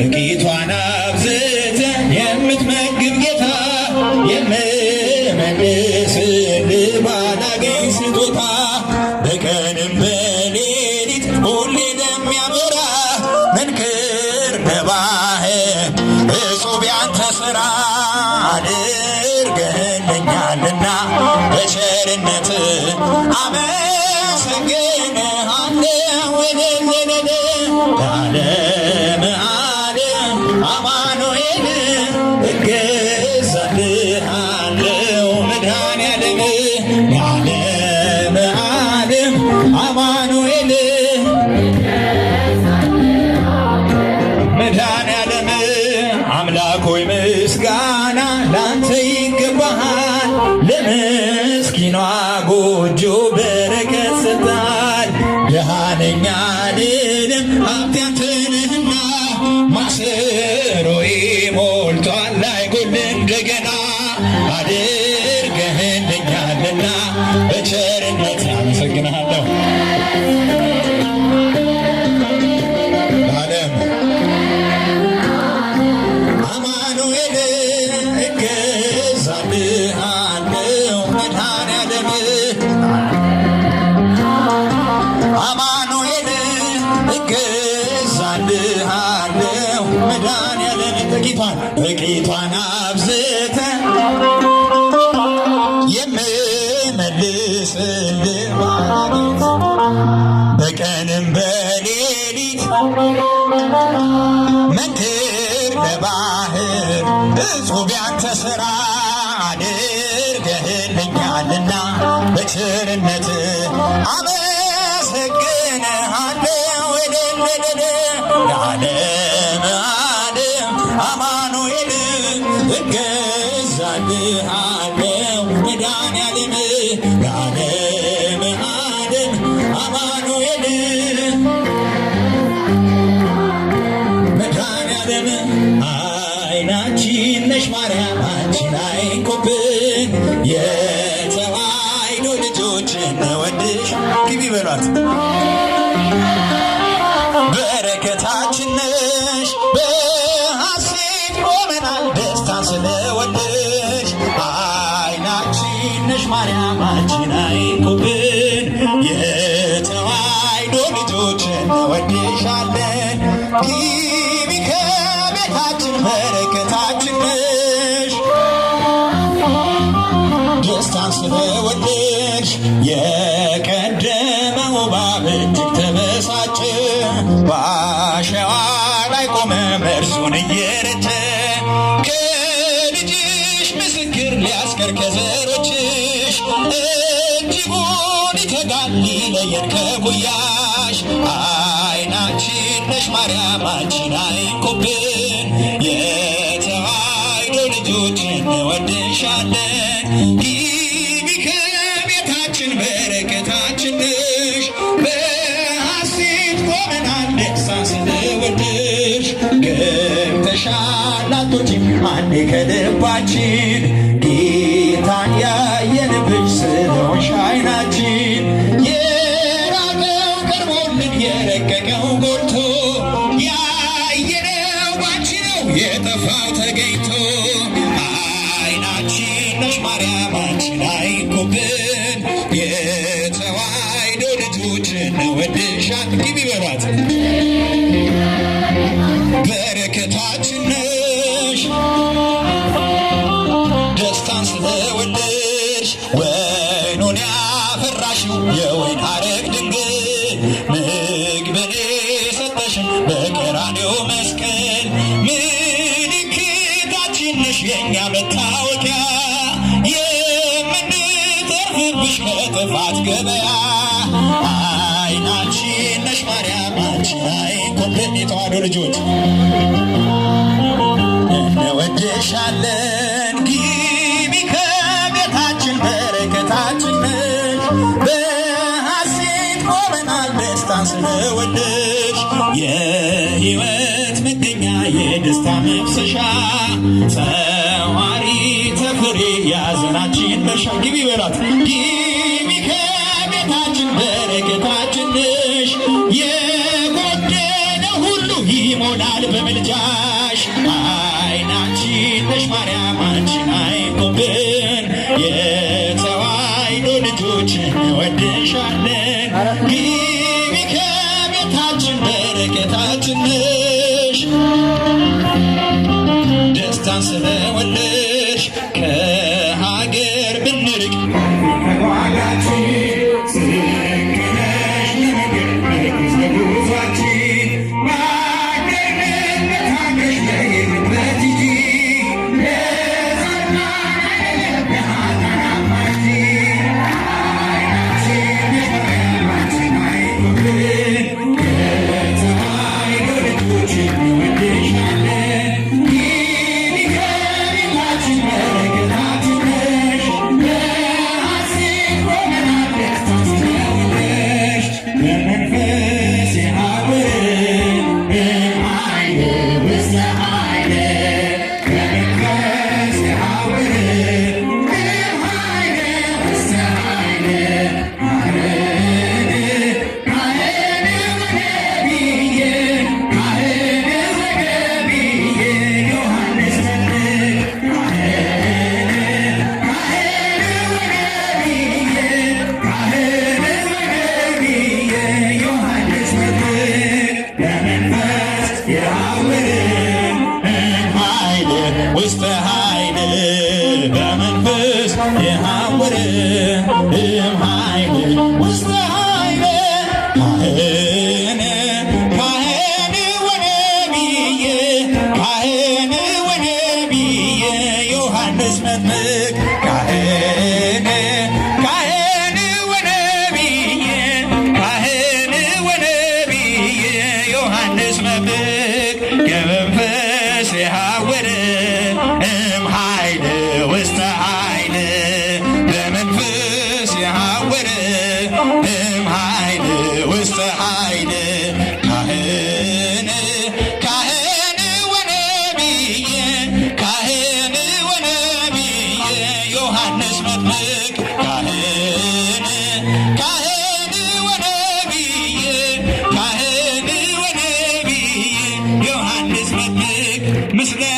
ጥቂቷን አብዝተ የምትመግብ ጌታ የምመልስ ልባን አገኝ ስጦታ በቀንም በሌሊት ሁሌ ለሚያበራ መንክር ነባህ እጹብ ያንተ ስራ አድርገህልኛልና በቸርነት አመሰግንሃለሁ ያለ እወድሃለሁ መድኃኒዓለም ጥቂቷን ጥቂቷን አብዝተ የምመልስልህ በቀንም በሌሊት መንክር ለባህር እጹብ ያንተ ሥራ አድርገህልኛልና በቸርነትህ አመሰግንሃለሁ ለዓለም ዓለም አማኑኤል እገዛልሃ በአሸዋ ላይ ቆመ መርሱን እየረተ ከልጅሽ ምስክር ሊያስቀር ከዘሮችሽ እጅጉን ይተጋል ሊለየን ከጉያሽ አይናችን ነሽ ማርያም አንቺን አይንኩብን የተዋሕዶ ልጆች እንወድሻለን ደስታ ስለወድሽ ገምተሻል አትወጪም ማን ከልባችን ጌታን ያየንብሽ ስለሆንሽ አይናችን በረከታችን ነሽ ራእይ ኮምፕሌት የተዋህዶ ልጆች እንወድሻለን ግቢ ከቤታችን በረከታችን ነሽ በሐሴት ቆመናል ደስታን ስለወደሽ የህይወት መገኛ የደስታ መፍሰሻ ሰዋሪ ተፍሬ ያዘናችን መሻ ግቢ በላት ግቢ ይሞላል በምልጃሽ አይናችን ነሽ ማርያም አንቺን አይቆብን የአምርን ኃይል በመንፈስ የሐውር እም ኃይል ውስተ ኃይል ካህን ካህን Yeah.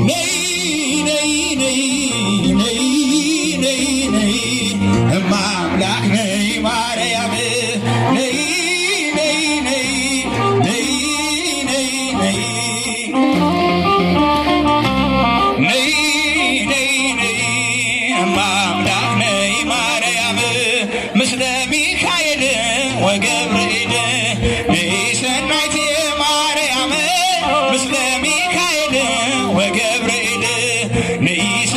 May ወገብርኤል ንይሰ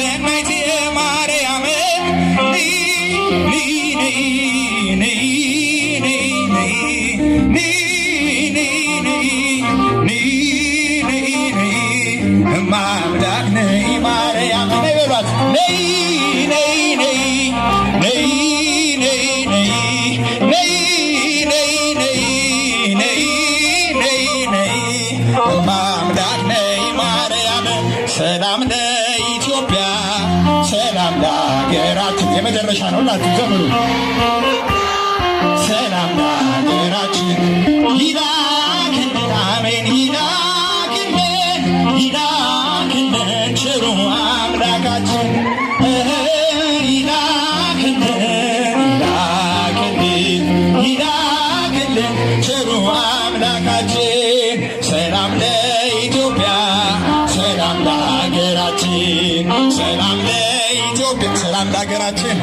ሰላም ለኢትዮጵያ፣ ሰላም ለሀገራችን። የመጨረሻ ነው። እናት ዘምሩ። ሰላም ለሀገራችን የመጨረሻ ነው ዘምሩ ሰላም ለሀገራችን ሰላም ለኢትዮጵያ፣ ሰላም ለሀገራችን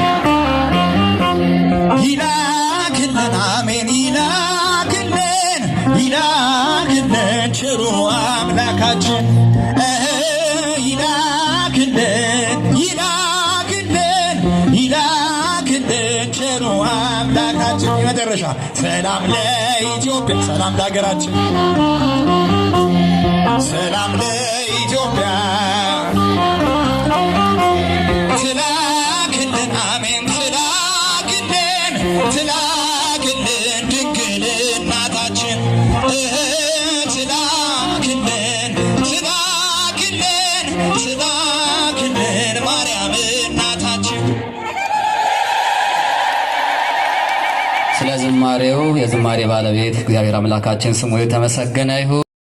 ይላክልን፣ አሜን ይላክልን፣ ይላክልን ቸሩ አምላካችን ይላክልን፣ ሰላም ለኢትዮጵያ፣ ሰላም ለሀገራችን ሰላም ለኢትዮ የዝማሬ ባለቤት እግዚአብሔር አምላካችን ስሙ የተመሰገነ ይሁን።